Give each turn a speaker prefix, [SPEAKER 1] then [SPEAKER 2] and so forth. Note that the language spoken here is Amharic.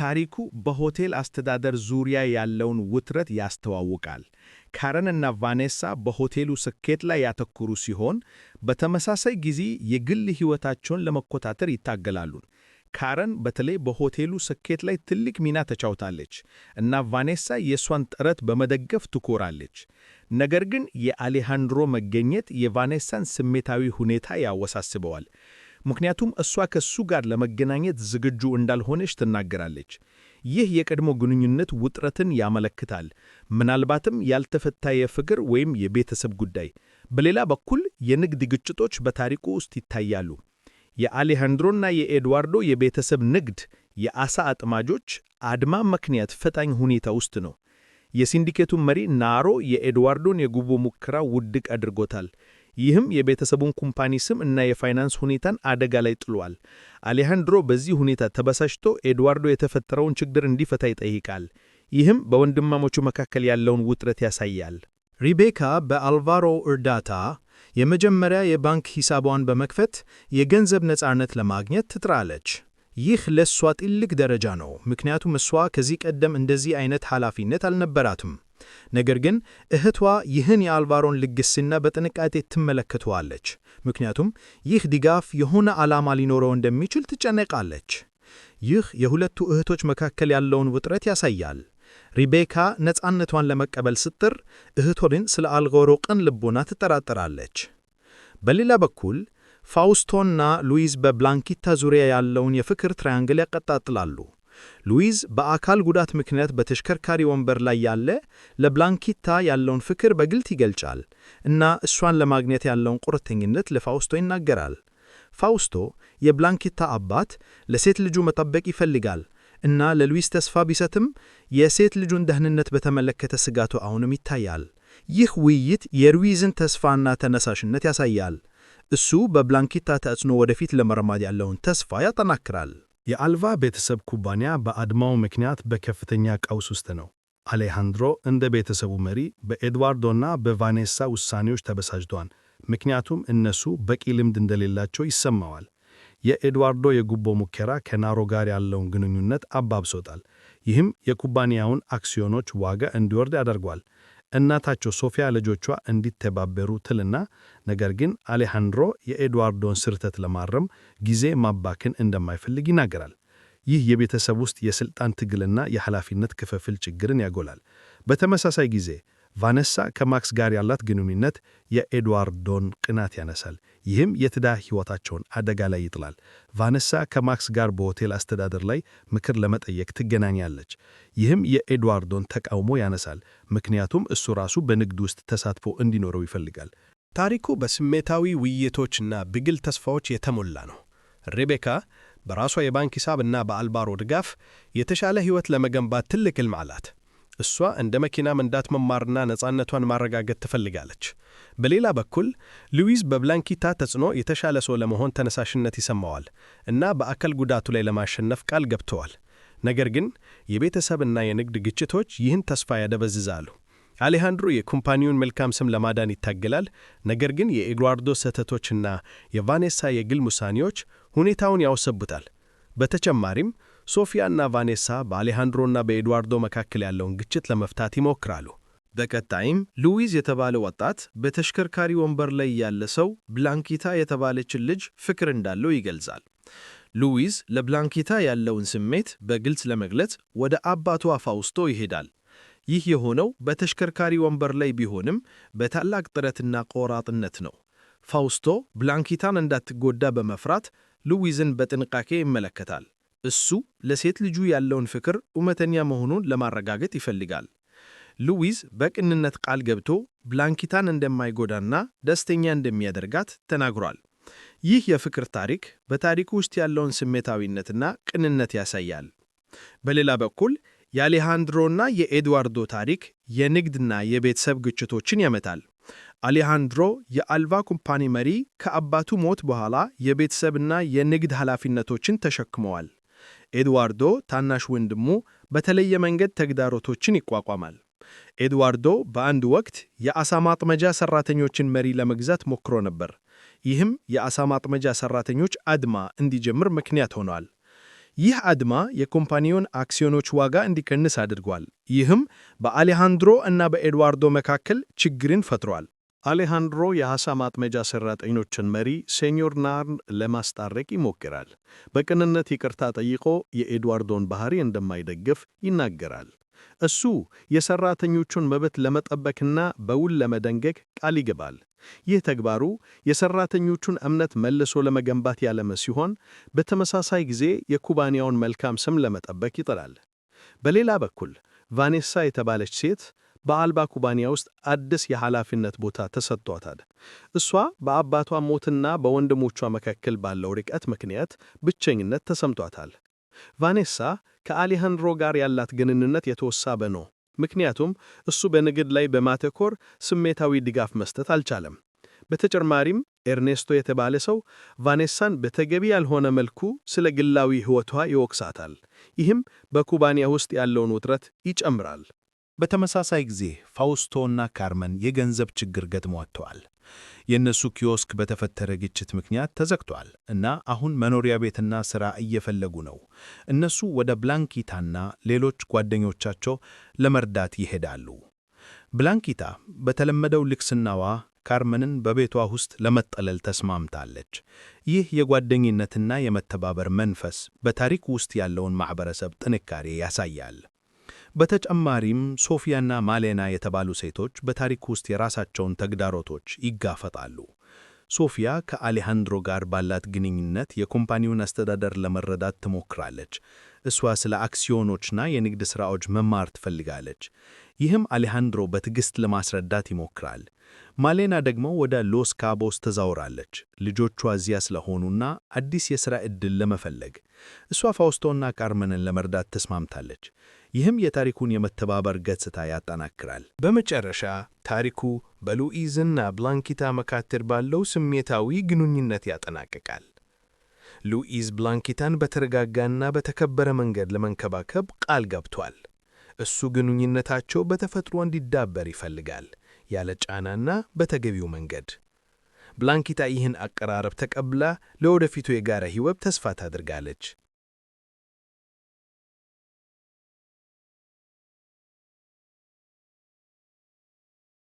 [SPEAKER 1] ታሪኩ በሆቴል አስተዳደር ዙሪያ ያለውን ውጥረት ያስተዋውቃል። ካረን እና ቫኔሳ በሆቴሉ ስኬት ላይ ያተኩሩ ሲሆን፣ በተመሳሳይ ጊዜ የግል ሕይወታቸውን ለመቆጣጠር ይታገላሉ። ካረን በተለይ በሆቴሉ ስኬት ላይ ትልቅ ሚና ተጫውታለች እና ቫኔሳ የእሷን ጥረት በመደገፍ ትኮራለች። ነገር ግን የአሌሃንድሮ መገኘት የቫኔሳን ስሜታዊ ሁኔታ ያወሳስበዋል። ምክንያቱም እሷ ከሱ ጋር ለመገናኘት ዝግጁ እንዳልሆነች ትናገራለች። ይህ የቀድሞ ግንኙነት ውጥረትን ያመለክታል፣ ምናልባትም ያልተፈታ የፍቅር ወይም የቤተሰብ ጉዳይ። በሌላ በኩል የንግድ ግጭቶች በታሪኩ ውስጥ ይታያሉ። የአሌሃንድሮና የኤድዋርዶ የቤተሰብ ንግድ የአሳ አጥማጆች አድማ ምክንያት ፈታኝ ሁኔታ ውስጥ ነው። የሲንዲኬቱ መሪ ናሮ የኤድዋርዶን የጉቦ ሙከራ ውድቅ አድርጎታል። ይህም የቤተሰቡን ኩምፓኒ ስም እና የፋይናንስ ሁኔታን አደጋ ላይ ጥሏል። አሌሃንድሮ በዚህ ሁኔታ ተበሳጭቶ ኤድዋርዶ የተፈጠረውን ችግር እንዲፈታ ይጠይቃል። ይህም በወንድማሞቹ መካከል ያለውን ውጥረት ያሳያል። ሪቤካ በአልቫሮ እርዳታ የመጀመሪያ የባንክ ሂሳቧን በመክፈት የገንዘብ ነፃነት ለማግኘት ትጥራለች። ይህ ለእሷ ትልቅ ደረጃ ነው፣ ምክንያቱም እሷ ከዚህ ቀደም እንደዚህ አይነት ኃላፊነት አልነበራትም። ነገር ግን እህቷ ይህን የአልቫሮን ልግስና በጥንቃቄ ትመለከተዋለች። ምክንያቱም ይህ ድጋፍ የሆነ ዓላማ ሊኖረው እንደሚችል ትጨነቃለች። ይህ የሁለቱ እህቶች መካከል ያለውን ውጥረት ያሳያል። ሪቤካ ነፃነቷን ለመቀበል ስትር እህቶን ስለ አልቫሮ ቅን ልቦና ትጠራጠራለች። በሌላ በኩል ፋውስቶና ሉዊዝ በብላንኪታ ዙሪያ ያለውን የፍቅር ትራያንግል ያቀጣጥላሉ። ሉዊዝ በአካል ጉዳት ምክንያት በተሽከርካሪ ወንበር ላይ ያለ ለብላንኪታ ያለውን ፍቅር በግልጽ ይገልጫል። እና እሷን ለማግኘት ያለውን ቁርጠኝነት ለፋውስቶ ይናገራል። ፋውስቶ የብላንኪታ አባት ለሴት ልጁ መጠበቅ ይፈልጋል እና ለሉዊዝ ተስፋ ቢሰጥም የሴት ልጁን ደህንነት በተመለከተ ስጋቱ አሁንም ይታያል። ይህ ውይይት የሉዊዝን ተስፋና ተነሳሽነት ያሳያል። እሱ በብላንኪታ ተጽዕኖ ወደፊት ለመረማድ ያለውን ተስፋ ያጠናክራል። የአልቫ ቤተሰብ ኩባንያ በአድማው ምክንያት በከፍተኛ ቀውስ ውስጥ ነው። አሌሃንድሮ እንደ ቤተሰቡ መሪ በኤድዋርዶና በቫኔሳ ውሳኔዎች ተበሳጅቷል። ምክንያቱም እነሱ በቂ ልምድ እንደሌላቸው ይሰማዋል። የኤድዋርዶ የጉቦ ሙከራ ከናሮ ጋር ያለውን ግንኙነት አባብሶታል። ይህም የኩባንያውን አክሲዮኖች ዋጋ እንዲወርድ ያደርጓል። እናታቸው ሶፊያ ልጆቿ እንዲተባበሩ ትልና ነገር ግን አሌሃንድሮ የኤድዋርዶን ስርተት ለማረም ጊዜ ማባክን እንደማይፈልግ ይናገራል። ይህ የቤተሰብ ውስጥ የሥልጣን ትግልና የኃላፊነት ክፍፍል ችግርን ያጎላል። በተመሳሳይ ጊዜ ቫነሳ ከማክስ ጋር ያላት ግንኙነት የኤድዋርዶን ቅናት ያነሳል። ይህም የትዳር ሕይወታቸውን አደጋ ላይ ይጥላል። ቫነሳ ከማክስ ጋር በሆቴል አስተዳደር ላይ ምክር ለመጠየቅ ትገናኛለች። ይህም የኤድዋርዶን ተቃውሞ ያነሳል፣ ምክንያቱም እሱ ራሱ በንግድ ውስጥ ተሳትፎ እንዲኖረው ይፈልጋል። ታሪኩ በስሜታዊ ውይይቶችና ብግል ተስፋዎች የተሞላ ነው። ሬቤካ በራሷ የባንክ ሂሳብ እና በአልባሮ ድጋፍ የተሻለ ሕይወት ለመገንባት ትልቅ ሕልም አላት። እሷ እንደ መኪና መንዳት መማርና ነፃነቷን ማረጋገጥ ትፈልጋለች። በሌላ በኩል ሉዊዝ በብላንኪታ ተጽዕኖ የተሻለ ሰው ለመሆን ተነሳሽነት ይሰማዋል እና በአካል ጉዳቱ ላይ ለማሸነፍ ቃል ገብተዋል። ነገር ግን የቤተሰብና የንግድ ግጭቶች ይህን ተስፋ ያደበዝዛሉ። አሌሃንድሮ የኩምፓኒውን መልካም ስም ለማዳን ይታገላል። ነገር ግን የኤድዋርዶ ስህተቶችና የቫኔሳ የግል ውሳኔዎች ሁኔታውን ያውሰቡታል። በተጨማሪም ሶፊያና ቫኔሳ በአሌሃንድሮና በኤድዋርዶ መካከል ያለውን ግጭት ለመፍታት ይሞክራሉ። በቀጣይም ሉዊዝ የተባለ ወጣት በተሽከርካሪ ወንበር ላይ ያለ ሰው ብላንኪታ የተባለችን ልጅ ፍቅር እንዳለው ይገልጻል። ሉዊዝ ለብላንኪታ ያለውን ስሜት በግልጽ ለመግለጽ ወደ አባቱ ፋውስቶ ይሄዳል። ይህ የሆነው በተሽከርካሪ ወንበር ላይ ቢሆንም በታላቅ ጥረትና ቆራጥነት ነው። ፋውስቶ ብላንኪታን እንዳትጎዳ በመፍራት ሉዊዝን በጥንቃቄ ይመለከታል። እሱ ለሴት ልጁ ያለውን ፍቅር እውነተኛ መሆኑን ለማረጋገጥ ይፈልጋል። ሉዊዝ በቅንነት ቃል ገብቶ ብላንኪታን እንደማይጎዳና ደስተኛ እንደሚያደርጋት ተናግሯል። ይህ የፍቅር ታሪክ በታሪኩ ውስጥ ያለውን ስሜታዊነትና ቅንነት ያሳያል። በሌላ በኩል የአሌሃንድሮና የኤድዋርዶ ታሪክ የንግድና የቤተሰብ ግጭቶችን ያመጣል። አሌሃንድሮ የአልቫ ኩምፓኒ መሪ ከአባቱ ሞት በኋላ የቤተሰብና የንግድ ኃላፊነቶችን ተሸክመዋል። ኤድዋርዶ ታናሽ ወንድሙ በተለየ መንገድ ተግዳሮቶችን ይቋቋማል። ኤድዋርዶ በአንድ ወቅት የአሳ ማጥመጃ ሠራተኞችን መሪ ለመግዛት ሞክሮ ነበር። ይህም የአሳ ማጥመጃ ሠራተኞች አድማ እንዲጀምር ምክንያት ሆኗል። ይህ አድማ የኮምፓኒዮን አክሲዮኖች ዋጋ እንዲቀንስ አድርጓል። ይህም በአሌሃንድሮ እና በኤድዋርዶ መካከል ችግርን ፈጥሯል። አሌሃንድሮ የዓሣ ማጥመጃ ሠራተኞችን መሪ ሴኞር ናርን ለማስታረቅ ይሞክራል። በቅንነት ይቅርታ ጠይቆ የኤድዋርዶን ባህሪ እንደማይደግፍ ይናገራል። እሱ የሠራተኞቹን መብት ለመጠበቅና በውል ለመደንገግ ቃል ይገባል። ይህ ተግባሩ የሠራተኞቹን እምነት መልሶ ለመገንባት ያለመ ሲሆን፣ በተመሳሳይ ጊዜ የኩባንያውን መልካም ስም ለመጠበቅ ይጥራል። በሌላ በኩል ቫኔሳ የተባለች ሴት በአልባ ኩባንያ ውስጥ አዲስ የኃላፊነት ቦታ ተሰጥቷታል። እሷ በአባቷ ሞትና በወንድሞቿ መካከል ባለው ርቀት ምክንያት ብቸኝነት ተሰምቷታል። ቫኔሳ ከአሌሃንድሮ ጋር ያላት ግንኙነት የተወሳበ ነው፣ ምክንያቱም እሱ በንግድ ላይ በማተኮር ስሜታዊ ድጋፍ መስጠት አልቻለም። በተጨማሪም ኤርኔስቶ የተባለ ሰው ቫኔሳን በተገቢ ያልሆነ መልኩ ስለ ግላዊ ሕይወቷ ይወቅሳታል። ይህም በኩባንያ ውስጥ ያለውን ውጥረት ይጨምራል። በተመሳሳይ ጊዜ ፋውስቶና ካርመን የገንዘብ ችግር ገጥሟቸዋል። የእነሱ ኪዮስክ በተፈጠረ ግጭት ምክንያት ተዘግቷል እና አሁን መኖሪያ ቤትና ሥራ እየፈለጉ ነው። እነሱ ወደ ብላንኪታና ሌሎች ጓደኞቻቸው ለመርዳት ይሄዳሉ። ብላንኪታ በተለመደው ልክስናዋ ካርመንን በቤቷ ውስጥ ለመጠለል ተስማምታለች። ይህ የጓደኝነትና የመተባበር መንፈስ በታሪክ ውስጥ ያለውን ማኅበረሰብ ጥንካሬ ያሳያል። በተጨማሪም ሶፊያና ማሌና የተባሉ ሴቶች በታሪክ ውስጥ የራሳቸውን ተግዳሮቶች ይጋፈጣሉ። ሶፊያ ከአሌሃንድሮ ጋር ባላት ግንኙነት የኮምፓኒውን አስተዳደር ለመረዳት ትሞክራለች። እሷ ስለ አክሲዮኖችና የንግድ ሥራዎች መማር ትፈልጋለች። ይህም አሌሃንድሮ በትዕግሥት ለማስረዳት ይሞክራል። ማሌና ደግሞ ወደ ሎስ ካቦስ ተዛውራለች፣ ልጆቿ እዚያ ስለሆኑና አዲስ የሥራ ዕድል ለመፈለግ። እሷ ፋውስቶና ቃርመንን ለመርዳት ተስማምታለች። ይህም የታሪኩን የመተባበር ገጽታ ያጠናክራል። በመጨረሻ ታሪኩ በሉኢዝና ብላንኪታ መካከል ባለው ስሜታዊ ግንኙነት ያጠናቅቃል። ሉኢዝ ብላንኪታን በተረጋጋና በተከበረ መንገድ ለመንከባከብ ቃል ገብቷል። እሱ ግንኙነታቸው በተፈጥሮ እንዲዳበር ይፈልጋል፣ ያለ ጫናና በተገቢው መንገድ። ብላንኪታ ይህን አቀራረብ ተቀብላ ለወደፊቱ የጋራ ሕይወት ተስፋ ታድርጋለች።